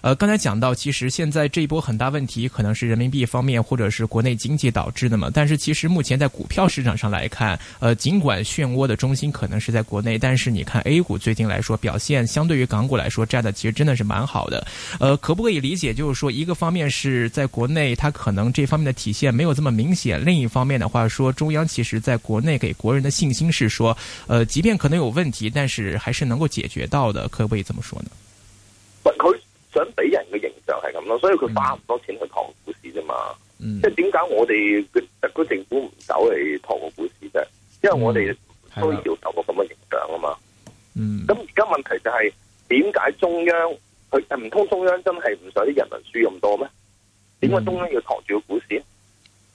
呃，剛才講到，其實現在這一波很大問題可能是人民幣方面或者是國內經濟導致的嘛。但是其實目前在股票市場上來看，呃，儘管漩渦，渦的中心可能是在國內，但是你看 A 股最近來說表現，相對於港股來說，站的其實真的是蠻好的。呃，可不可以理解就是說，一個方面是在國內它可能這方面的體現沒有這麼明顯；另一方面的話說，中央其實在國內給國人的信心是說，呃，即便可能有問題，但是還是能夠解決到的。可不可以這麼說呢？係咁咯，所以佢花唔多錢去托股市啫嘛。嗯，即係點解我哋特區政府唔走嚟托個股市啫？因為我哋都要受個咁嘅影響啊嘛嗯。嗯，咁而家問題就係點解中央佢唔通中央真係唔想啲人民輸咁多咩？點解中央要托住個股市？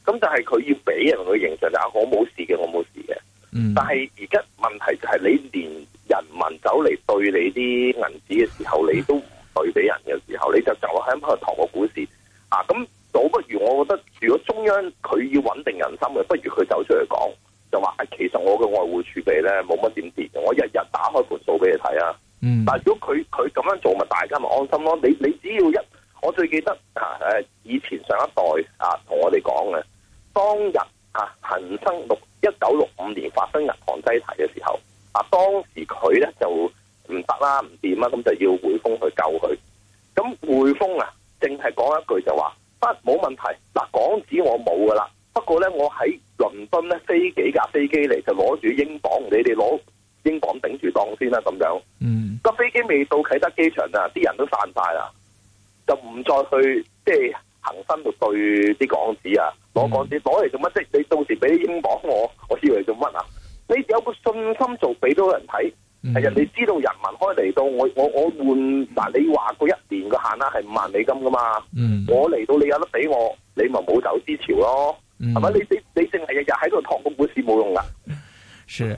咁但係佢要俾人個形象就係、是、我冇事嘅，我冇事嘅。嗯、但係而家問題就係你連人民走嚟對你啲銀紙嘅時候，你都。兌俾人嘅時候，你就，就喺度談個股市啊！咁倒不如，我覺得如果中央佢要穩定人心嘅，不如佢走出嚟講，就話：其實我嘅外匯儲備咧冇乜點跌，我日日打開盤數俾你睇啊！但係如果佢佢咁樣做，咪大家咪安心咯。你。先啦，咁樣、嗯，個飛機未到啟德機場啊，啲人都散晒啦，就唔再去即係恒生度對啲港紙啊，攞港紙攞嚟做乜啫？嗯、即你到時俾啲英鎊我，我以為做乜啊？你有個信心做俾到人睇，係人哋知道人民開嚟到我我我換嗱，你話過一年嘅限額，係五萬美金噶嘛，嗯、我嚟到你有得俾我，你咪冇走之潮咯，係咪、嗯？你你你淨係日日喺度托個股市冇用噶，是。Sure.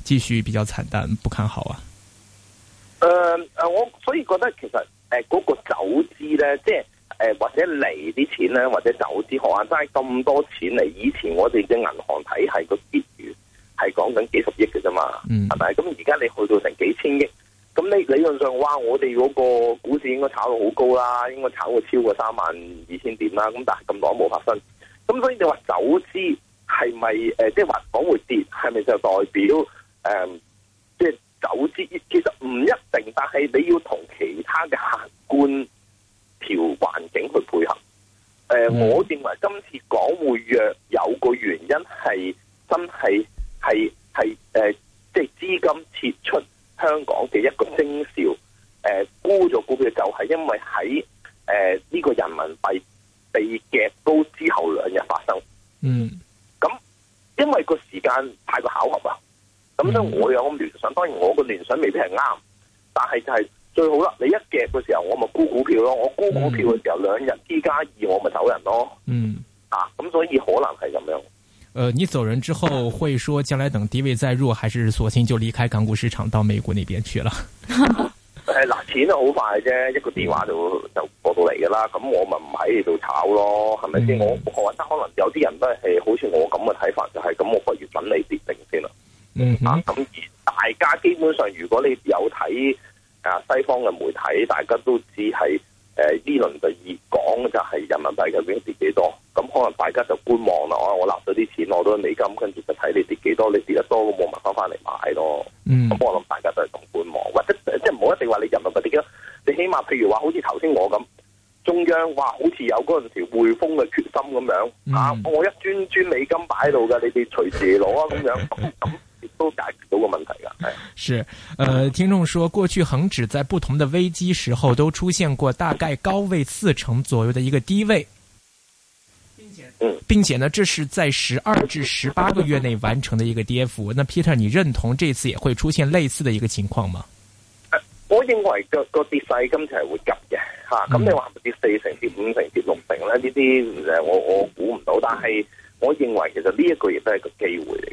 繼續比較慘淡，不看好啊。誒誒、呃，我所以覺得其實誒嗰、呃那個走資咧，即係誒、呃、或者嚟啲錢咧，或者走資，學下齋咁多錢嚟。以前我哋嘅銀行體系個結餘係講緊幾十億嘅啫嘛，係咪、嗯？咁而家你去到成幾千億，咁你理論上話我哋嗰個股市應該炒到好高啦，應該炒到超過三萬二千點啦。咁但係咁耐都冇發生，咁所以你話走資係咪？誒、呃，即係話講會跌，係咪就代表？誒，即係、um, 走資，其實唔一定，但係你要同其他嘅客觀條環境去配合。誒、uh,，mm. 我認為今次港匯弱有個原因係真係係係誒，即係資金撤出香港嘅一個徵兆。誒、mm. 呃，沽咗股票就係因為喺誒呢個人民幣被夾高之後兩日發生。嗯、mm.，咁因為那個時間太過巧合啊！咁咧，我有咁聯想，當然我個聯想未必係啱，但係就係最好啦。你一夾嘅時候，我咪沽股票咯。我沽股票嘅時候，嗯、兩日之加二，D、2, 我咪走人咯。嗯，啊，咁所以可能係咁樣。呃，你走人之後，會說將來等低位再入，還是索性就離開港股市場到美股呢邊去了？誒嗱、 嗯，錢都好快啫，一個電話就就過到嚟噶啦。咁我咪唔喺度炒咯，係咪先？我覺得可能有啲人都係好似我咁嘅睇法，就係、是、咁，我不如等你跌定先啦。嗯，吓咁而大家基本上，如果你有睇啊西方嘅媒體，大家都知係誒呢輪就熱講就係人民幣究竟跌幾多，咁可能大家就觀望咯。我納咗啲錢，我都美金，跟住就睇你跌幾多，你跌得多咁我咪翻翻嚟買咯。嗯，咁我諗大家都係咁觀望，或者即係唔好一定話你人民幣跌咁，你起碼譬如話好似頭先我咁，中央話好似有嗰陣時匯豐嘅決心咁樣，吓、啊、我一樽樽美金擺喺度嘅，你哋隨時攞啊咁樣咁。嗯 都解決到個問題㗎，係。是，呃，聽眾說過去恒指在不同的危機時候都出現過大概高位四成左右的一個低位，並且，嗯、並且呢，這是在十二至十八個月內完成的一個跌幅。那 Peter，你認同這次也會出現類似的一個情況嗎、呃？我認為個個跌勢今次係會急嘅，吓、啊。咁你話跌四成、跌五成、跌六成呢？呢啲誒，我我估唔到。但係我認為其實呢一個亦都係個機會嚟。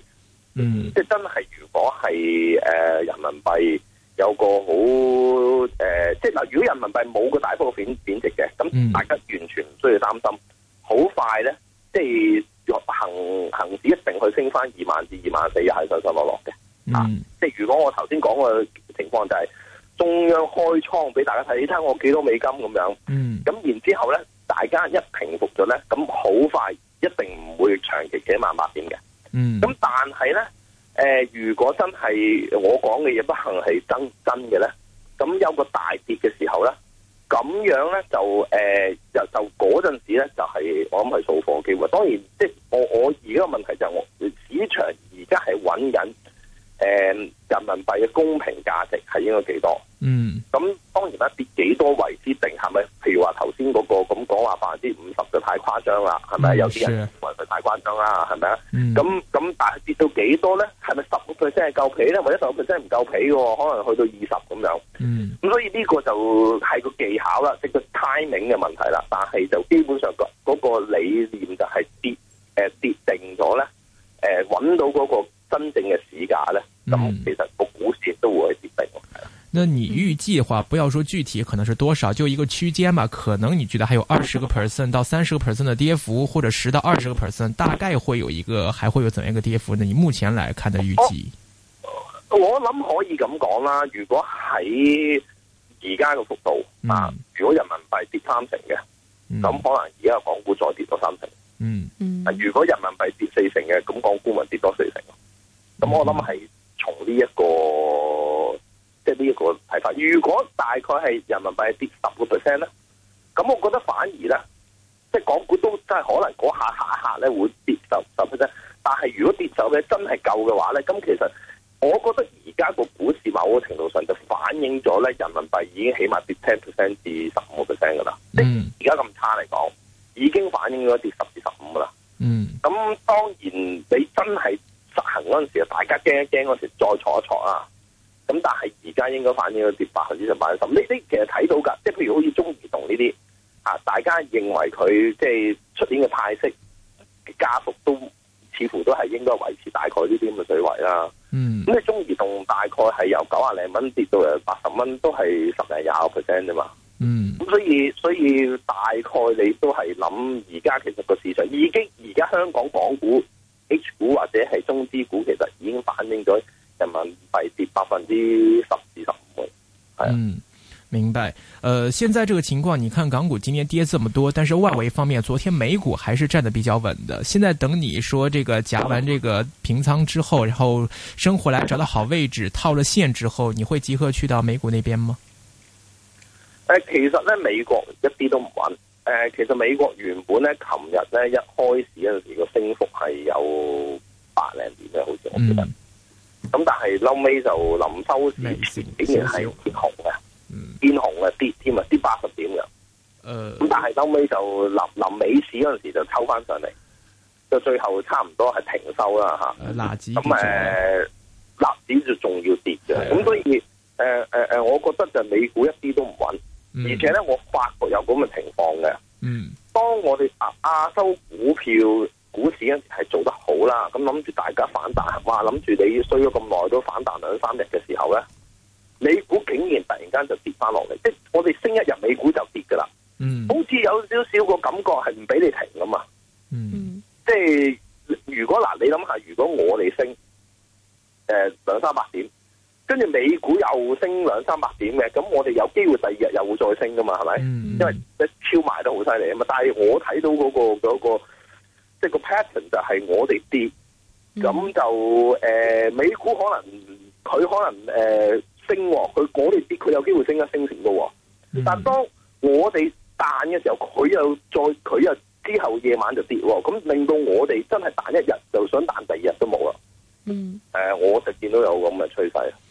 嗯、即係真係，如果係誒、呃、人民幣有個好誒、呃，即係嗱，如果人民幣冇個大幅貶貶值嘅，咁大家完全唔需要擔心。好快咧，即係行行市一定去升翻二萬至二萬四，又係上上落落嘅。嗯、啊，即係如果我頭先講嘅情況就係中央開倉俾大家睇，你睇我幾多美金咁樣。咁、嗯、然之後咧，大家一平復咗咧，咁好快一定唔會長期幾萬萬。咁、嗯、但係咧，誒、呃，如果真係我講嘅嘢不幸係真真嘅咧，咁有個大跌嘅時候咧，咁樣咧就誒、呃，就就嗰陣時咧就係、是、我諗係掃貨機會。當然，即係我我而家嘅問題就係、是、我市場而家係穩緊。誒、嗯，人民幣嘅公平價值係應該幾多？嗯，咁當然啦，跌幾多為之定係咪？譬如話頭先嗰個咁講話百分之五十就太誇張啦，係咪？Mm, 有啲人認為佢太誇張啦，係咪啊？咁咁、嗯，但係跌到幾多咧？係咪十五 percent 係夠皮咧？或者十五 percent 唔夠皮嘅，可能去到二十咁樣。嗯，咁所以呢個就係個技巧啦，即、就是、個 timing 嘅問題啦。但係就基本上嗰嗰個理念就係跌誒、呃、跌定咗咧。誒、呃，搵到嗰、那個。真正嘅市價呢，咁其實個股市都會跌低、嗯。那你預計的話，不要說具體可能是多少，就一個區間嘛？可能你覺得還有二十個 percent 到三十個 percent 的跌幅，或者十到二十個 percent，大概會有一個，還會有怎樣一個跌幅呢？那你目前來看的預計，哦、我諗可以咁講啦。如果喺而家嘅幅度啊，嗯、如果人民幣跌三成嘅，咁、嗯、可能而家嘅港股再跌多三成。嗯嗯，如果人民幣跌四成嘅，咁港股咪跌多四成。咁我諗係從呢一個，即係呢一個睇法。如果大概係人民幣跌十個 percent 咧，咁我覺得反而咧，即係港股都真係可能嗰下下下咧會跌十十 percent。但係如果跌走咧真係夠嘅話咧，咁其實我覺得而家個股市某個程度上就反映咗咧，人民幣已經起碼跌 ten percent 至十五個 percent 噶啦。嗯，即係而家咁差嚟講，已經反映咗跌十。驚一驚嗰時再坐一坐啊！咁但係而家應該反映佢跌百分之十八十，呢啲其實睇到噶，即係譬如好似中移動呢啲啊，大家認為佢即係出年嘅派息加幅都似乎都係應該維持大概呢啲咁嘅水位啦。嗯，咁你中移動大概係由九啊零蚊跌到誒八十蚊，都係十零廿個 percent 啫嘛。嗯，咁所以所以大概你都係諗而家其實個市場已經而家香港港股。H 股或者係中資股，其實已經反映咗人民幣跌百分之十至十五。係啊、嗯，明白。誒、呃，現在這個情況，你看港股今天跌這麼多，但是外圍方面，昨天美股還是站得比較穩的。現在等你說這個夾完這個平倉之後，然後升回來找到好位置套了線之後，你會即刻去到美股那邊嗎？誒、呃，其實呢，美國一啲都唔穩。誒、呃，其實美國原本咧，琴日咧一開市嗰陣時個升幅係有百零點嘅。好似我記得。咁、嗯、但係後尾就臨收市前事竟然係跌紅嘅、嗯，變紅啊跌添啊跌八十點嘅。咁、呃、但係後尾就臨臨尾市嗰陣時候就抽翻上嚟，就最後差唔多係停收啦吓。咁誒，納指就仲要跌嘅，咁所以誒誒誒，我覺得就美股一啲都唔穩。而且咧，我發覺有咁嘅情況嘅。嗯，當我哋亞亞洲股票股市係做得好啦，咁諗住大家反彈，哇！諗住你衰咗咁耐都反彈兩三日嘅時候咧，美股竟然突然間就跌翻落嚟，即係我哋升一日美股就跌噶啦。嗯，好似有少少個感覺係唔俾你停噉呀。嗯，即係如果嗱，你諗下，如果我哋升，誒、呃、兩三百點。跟住美股又升兩三百點嘅，咁我哋有機會第二日又會再升噶嘛，係咪？嗯嗯、因為即超賣得好犀利啊嘛。但係我睇到嗰、那個嗰、那個即係、那個 pattern 就係、是、我哋跌，咁、嗯、就誒、呃、美股可能佢可能誒、呃、升，佢我哋跌，佢有機會升一升成喎。但當我哋彈嘅時候，佢又再佢又之後夜晚就跌，咁令到我哋真係彈一日就想彈第二日都冇啦。嗯，誒、呃，我就見到有咁嘅趨勢。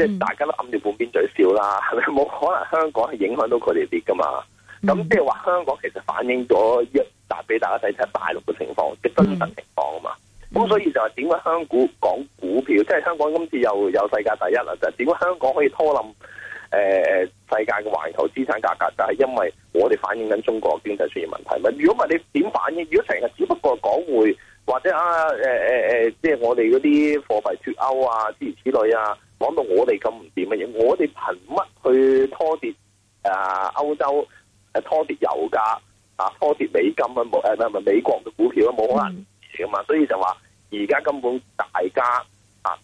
即係大家都暗住半邊嘴笑啦，係咪冇可能香港係影響到佢哋啲㗎嘛？咁即係話香港其實反映咗一，但係俾大家睇睇大陸嘅情況，即 真實情況啊嘛。咁 所以就係點解香港講股票，即係香港今次又有世界第一啦？就係點解香港可以拖冧誒誒世界嘅環球資產價格，就係、是、因為我哋反映緊中國經濟出現問題。咪如果唔係你點反映？如果成日只不過港匯或者啊誒誒誒，即係我哋嗰啲貨幣脫歐啊，諸如此類啊？講到我哋咁唔掂嘅嘢，我哋憑乜去拖跌誒歐、啊、洲誒、啊、拖跌油價啊，拖跌美金啊冇誒，係、啊、美國嘅股票啊冇可能嘅嘛，嗯、所以就話而家根本大家啊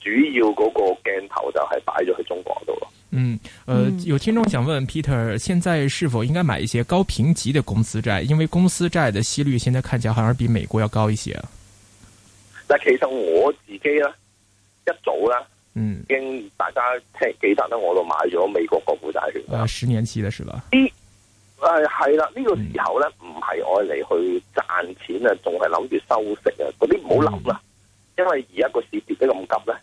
主要嗰個鏡頭就係擺咗喺中國度咯。嗯，誒、呃，有聽眾想問 Peter，現在是否應該買一些高評級的公司債？因為公司債的息率現在看起來，好像比美國要高一些。但其實我自己咧，一早咧。嗯，經大家聽記得咧，我都買咗美國國債券。啊，十年期嘅是吧？啲誒係啦，呢、嗯嗯啊這個時候咧唔係我嚟去賺錢啊，仲係諗住收息啊。嗰啲唔好諗啦，因為而家個市跌得咁急咧，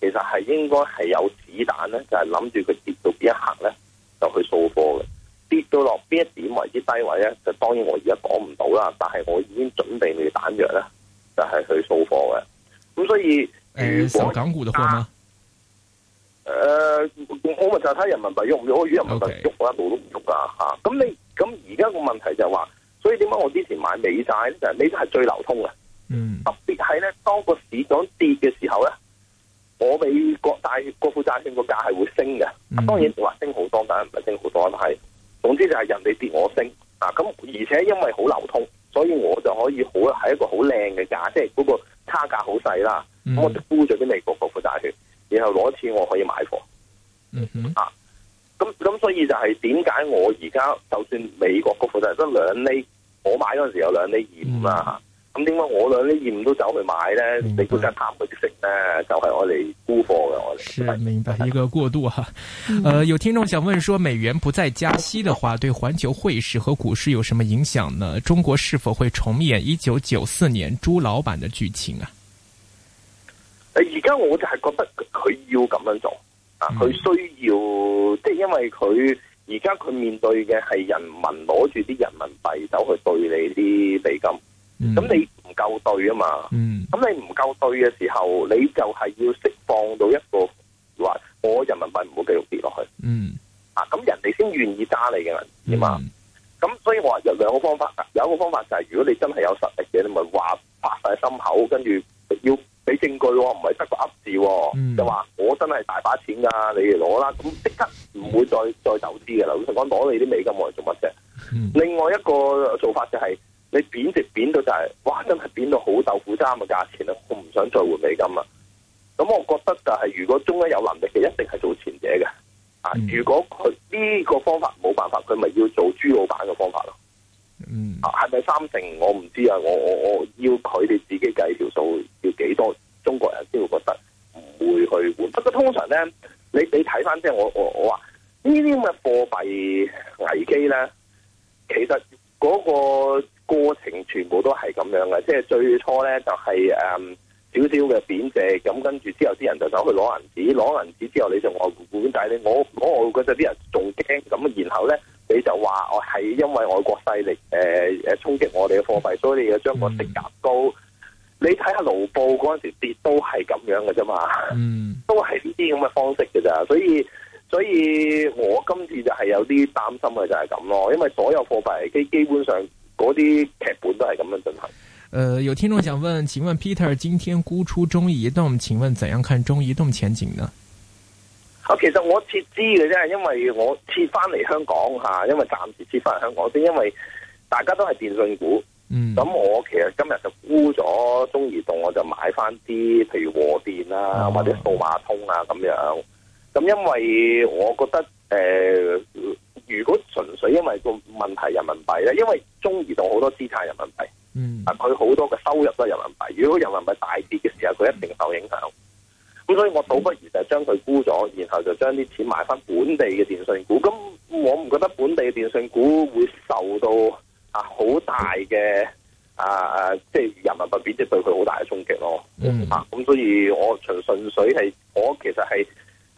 其實係應該係有子彈咧，就係諗住佢跌到邊一刻咧，就去掃貨嘅。跌到落邊一點為之低位咧，就當然我而家講唔到啦，但係我已經準備嘅彈藥啦，就係、是、去掃貨嘅。咁所以如果、欸、港股嘅話呢？我咪就睇人民幣喐唔喐？我如果人民幣喐，我一路都唔喐噶吓。咁你咁而家個問題就係、是、話，所以點解我之前買美債咧？就係美債係最流通嘅，mm. 特別係咧當個市場跌嘅時候咧，我美國大國庫債券個價係會升嘅、啊。當然你話升好多，但係唔係升好多但係。總之就係人哋跌我升啊！咁而且因為好流通，所以我就可以好係一個好靚嘅價，即係嗰個差價好細啦。咁、啊 mm. 啊、我就沽咗啲美國國庫債券，然後攞錢我可以買貨。嗯哼啊，咁咁所以就係點解我而家就算美國高貨值得兩厘，我買嗰陣時候有兩厘二五啊，咁點解我兩厘二五都走去買咧？白你估真貪嗰啲食咧？就係、是、我哋沽貨嘅，我哋是明白 一個過渡哈、啊。嗯、呃，有聽眾想問說，美元不再加息的話，對環球匯市和股市有什麼影響呢？中國是否會重演一九九四年朱老闆的劇情啊？誒，而家我就係覺得佢要咁樣做。啊！佢、嗯、需要，即係因為佢而家佢面對嘅係人民攞住啲人民幣走去兌你啲美金，咁、嗯、你唔夠兌啊嘛，咁、嗯、你唔夠兌嘅時候，你就係要釋放到一個話，我人民幣唔會繼續跌落去，嗯，啊，咁人哋先願意揸你嘅銀紙嘛，咁所以我話有兩個方法，有一個方法就係如果你真係有實力嘅，你咪話發晒心口，跟住要。俾證據喎，唔係得個噏字，就話我真係大把錢㗎，你哋攞啦，咁即刻唔會再再走資嘅啦。老實講攞你啲美金嚟做乜啫？另外一個做法就係、是、你貶值貶到就係、是，哇！真係貶到好豆腐渣嘅價錢啦，我唔想再換美金啦。咁我覺得就係、是、如果中國有能力，嘅一定係做前者嘅。啊，如果佢呢個方法冇辦法，佢咪要做朱老闆嘅方法咯。嗯，係咪、啊、三成我唔知啊，我我我要佢哋自己計條數，要幾多中國人先會覺得唔會去換？不過通常咧，你你睇翻，即係我我我話呢啲咁嘅貨幣危機咧，其實嗰個過程全部都係咁樣嘅，即係最初咧就係誒少少嘅貶值，咁跟住之後啲人就走去攞銀紙，攞銀紙之後你就外換換，但係你我我外換嗰陣啲人仲驚，咁然後咧。你就話我係因為外國勢力誒誒衝擊我哋嘅貨幣，所以你要將個息壓高。嗯、你睇下盧布嗰陣時跌都係咁樣嘅啫嘛，嗯，都係呢啲咁嘅方式嘅咋。所以所以，我今次就係有啲擔心嘅就係咁咯，因為所有貨幣基基本上嗰啲劇本都係咁樣進、就、行、是。誒、呃，有聽眾想問，請問 Peter，今天沽出中移動，請問怎樣看中移動前景呢？啊，其實我撤資嘅啫，因為我撤翻嚟香港嚇，因為暫時撤翻嚟香港先，因為大家都係電信股。嗯，咁我其實今日就沽咗中移動，我就買翻啲，譬如和電啊，或者數碼通啊咁樣。咁因為我覺得，呃，如果純粹因為個問題人民幣咧，因為中移動好多資產人民幣，嗯，佢好多嘅收入都係人民幣。如果人民幣大跌嘅時候，佢一定受影響。咁所以，我倒不如就將佢沽咗，然後就將啲錢買翻本地嘅電信股。咁我唔覺得本地嘅電信股會受到啊好大嘅啊即係人民幣貶值對佢好大嘅衝擊咯。嗯，啊，咁、就是 mm. 啊、所以我純純粹係我其實係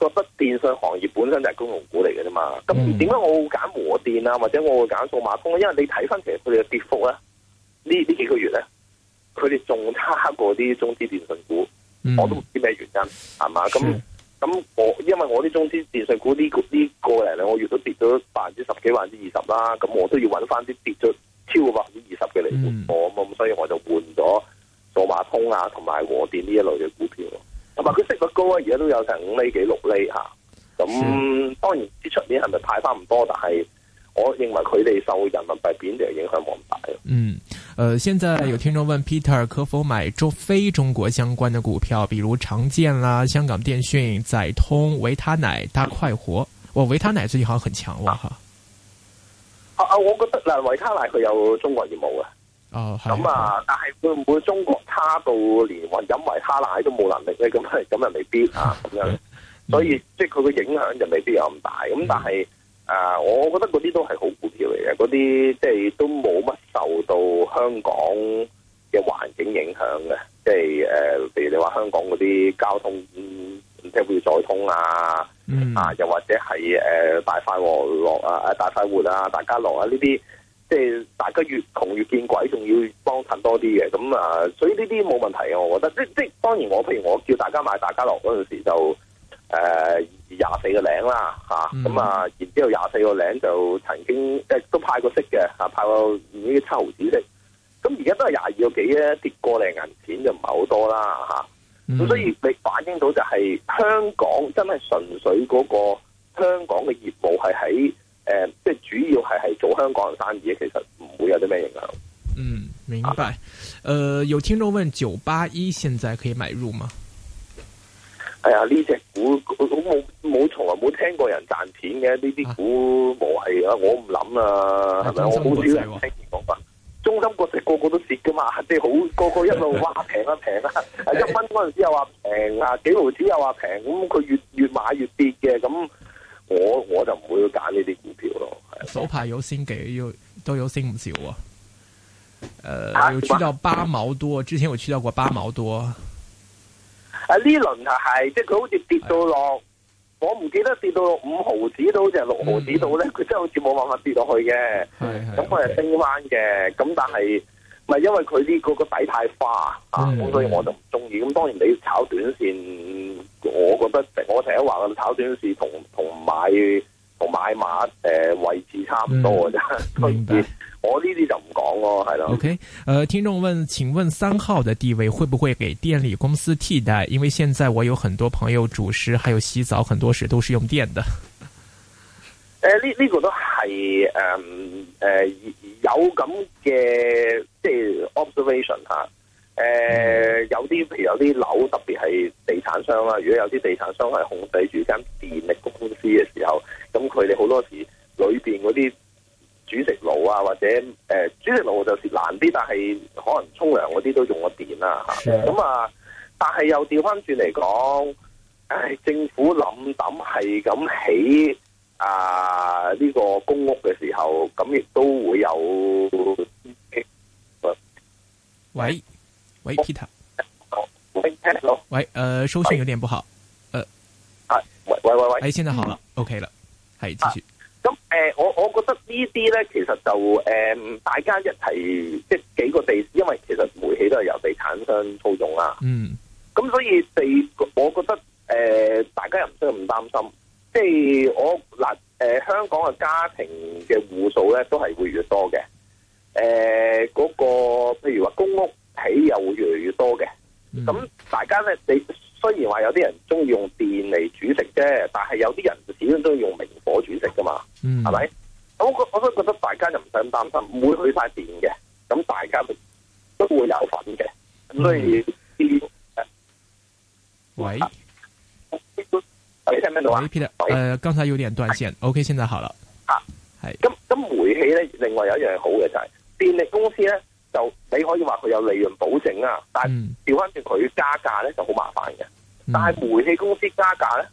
覺得電信行業本身就係公用股嚟嘅啫嘛。咁點解我會揀和電啊，或者我會揀數碼通、啊、因為你睇翻其實佢哋嘅跌幅咧，呢呢幾個月咧，佢哋仲差過啲中資電信股。 我都唔知咩原因，係嘛？咁咁 我因為我啲中資電訊股呢、這、呢個嚟兩、這個多多多個月都跌咗百分之十幾、百分之二十啦，咁我都要揾翻啲跌咗超過百分之二十嘅嚟換貨咁， 所以我就換咗數碼通啊，同埋和電呢一類嘅股票。同埋佢息率高啊，而家都有成五厘幾、六厘吓。咁、啊、 當然啲出面係咪派翻唔多？但係我認為佢哋受人民幣貶值嘅影響冇咁大。嗯。 呃現在有聽眾問 Peter 可否買周非中國相關的股票，比如長建啦、香港電訊、載通、維他奶、大快活。我、啊哦、維他奶最近好像很強喎。啊啊，啊，我覺得維他奶佢有中國業務嘅。哦，咁啊、嗯，嗯、但係會唔會中國差到連飲維他奶都冇能力咧？咁咁又未必啊，咁哈樣。嗯、所以即係佢嘅影響就未必有咁大。咁、嗯、但係。啊，uh, 我覺得嗰啲都係好股票嚟嘅，嗰啲即係都冇乜受到香港嘅環境影響嘅、即係 uh, 嗯，即係誒，譬如你話香港嗰啲交通即會再通啊，嗯、啊，又或者係誒、uh, 大快和啊，啊大快活啊，大家樂啊，呢啲即係大家越窮越見鬼，仲要幫襯多啲嘅，咁啊，uh, 所以呢啲冇問題啊，我覺得，即即當然我譬如我叫大家買大家樂嗰陣時就。誒，廿四、呃、個零啦，吓咁啊！嗯、然之後廿四個零就曾經即係、呃、都派過息嘅，吓派過呢啲七毫子息。咁而家都係廿二個幾咧，跌過嚟銀錢就唔係好多啦，吓、啊。咁、嗯、所以你反映到就係香港真係純粹嗰個香港嘅業務係喺誒，即係主要係係做香港嘅生意，其實唔會有啲咩影響。嗯，明白。誒、啊呃，有聽眾問：九八一現在可以買入嗎？係啊、哎，呢隻。我從來冇聽過人賺錢嘅呢啲股，冇係啊！我唔諗啊，係咪、啊、我好少人聽講中心國際個個都蝕噶嘛，即係好個個一路話平啊平啊，一蚊嗰陣時又話平啊，幾毫子又話平，咁佢越越買越跌嘅，咁我我就唔會揀呢啲股票咯。早排有升幾，都有升唔少啊。誒、呃，有去到八毛多，之前我去到過八毛多。啊，呢輪係即係佢好似跌到落、哎。我唔記得跌到五毫紙到定六毫紙到咧，佢、嗯、真係好似冇辦法跌落去嘅。咁佢係升翻嘅，咁的但係咪因為佢啲個個底太花啊？咁所以我就唔中意。咁當然你要炒短線，我覺得我成日話咁炒短線同同埋。同買碼誒、呃、位置差唔多嘅啫，嗯、 我呢啲就唔講咯，係啦。OK，誒、呃，聽眾問，請問三號的地位會不會給電力公司替代？因為現在我有很多朋友煮食，還有洗澡，很多時都是用電的。誒、呃，呢、這、呢、個這個都係誒誒有咁嘅即係 observation 吓、啊。誒、呃，有啲譬如有啲樓，特別係地產商啦。如果有啲地產商係控制住間電力公司嘅時候，咁佢哋好多時裏邊嗰啲煮食爐啊，或者誒煮、呃、煮食爐就是難啲，但係可能沖涼嗰啲都用個電啦咁啊，是的但係又調翻轉嚟講，誒，政府諗諗係咁起啊呢個公屋嘅時候，咁亦都會有。喂。喂，Peter。喂，喂喂呃、收訊有點不好，喂、呃、喂喂喂。哎，現在好了、嗯、，OK 了，係繼續。咁誒，我我覺得這些呢啲咧，其實就誒、呃，大家一齊即係幾個地，因為其實煤氣都係由地產商操縱啊。嗯。咁、嗯、所以地，我覺得誒、呃，大家又唔需要咁擔心。即係我嗱，誒、呃呃，香港嘅家庭嘅戶數咧，都係會越多嘅。誒、呃，嗰、那個譬如話公屋。起又會越嚟越多嘅，咁、嗯、大家咧，你雖然話有啲人中意用電嚟煮食啫，但係有啲人始終中意用明火煮食噶嘛，係咪、嗯？咁我我都覺得大家就唔使擔心，唔會去晒電嘅。咁大家都會有份嘅，所以。嗯啊、喂，Peter，呃，剛才有點斷線、啊，OK，現在好了。啊，係是。咁咁煤氣咧，另外有一樣好嘅就係、是、電力公司咧。就你可以話佢有利潤保證啊，但調翻轉佢加價咧、嗯、就好麻煩嘅。但係煤氣公司加價咧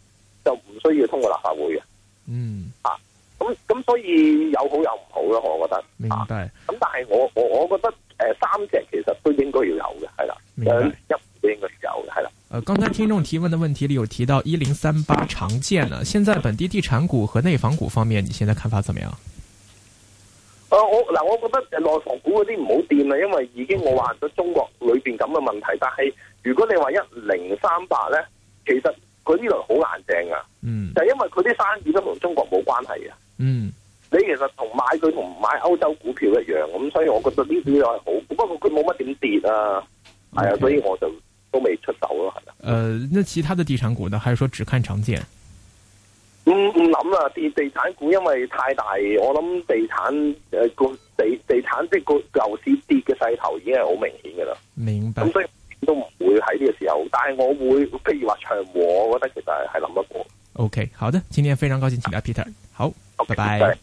就唔需要通過立法會嘅。嗯，啊，咁咁所以有好有唔好咯、啊，我覺得。啊、明咁白但係我我我覺得誒三隻其實都應該要有嘅，係啦。一都白應該有係啦。誒，剛、呃、才聽眾提問嘅問題裏有提到一零三八長建啊。現在本地地產股和內房股方面，你現在看法怎麼樣？我我嗱，我覺得內房股嗰啲唔好掂啦，因為已經我話咗中國裏邊咁嘅問題。但係如果你話一零三八咧，其實佢呢度好硬淨噶，嗯、就係因為佢啲生意都同中國冇關係啊。嗯，你其實同買佢同買歐洲股票一樣咁，所以我覺得呢啲只係好。不過佢冇乜點跌啊，係啊 okay,，所以我就都未出手咯，係啊。誒、呃，那其他的地產股呢？還是說只看長線？唔唔諗啦，地地產股因為太大，我諗地產誒個地地產即係個樓市跌嘅勢頭已經係好明顯嘅啦。明白。咁、嗯、所以都唔會喺呢個時候，但係我會譬如話長和，我覺得其實係諗得過。Okay，好的，今天非常高興請阿 Peter，好，拜拜 Okay, bye。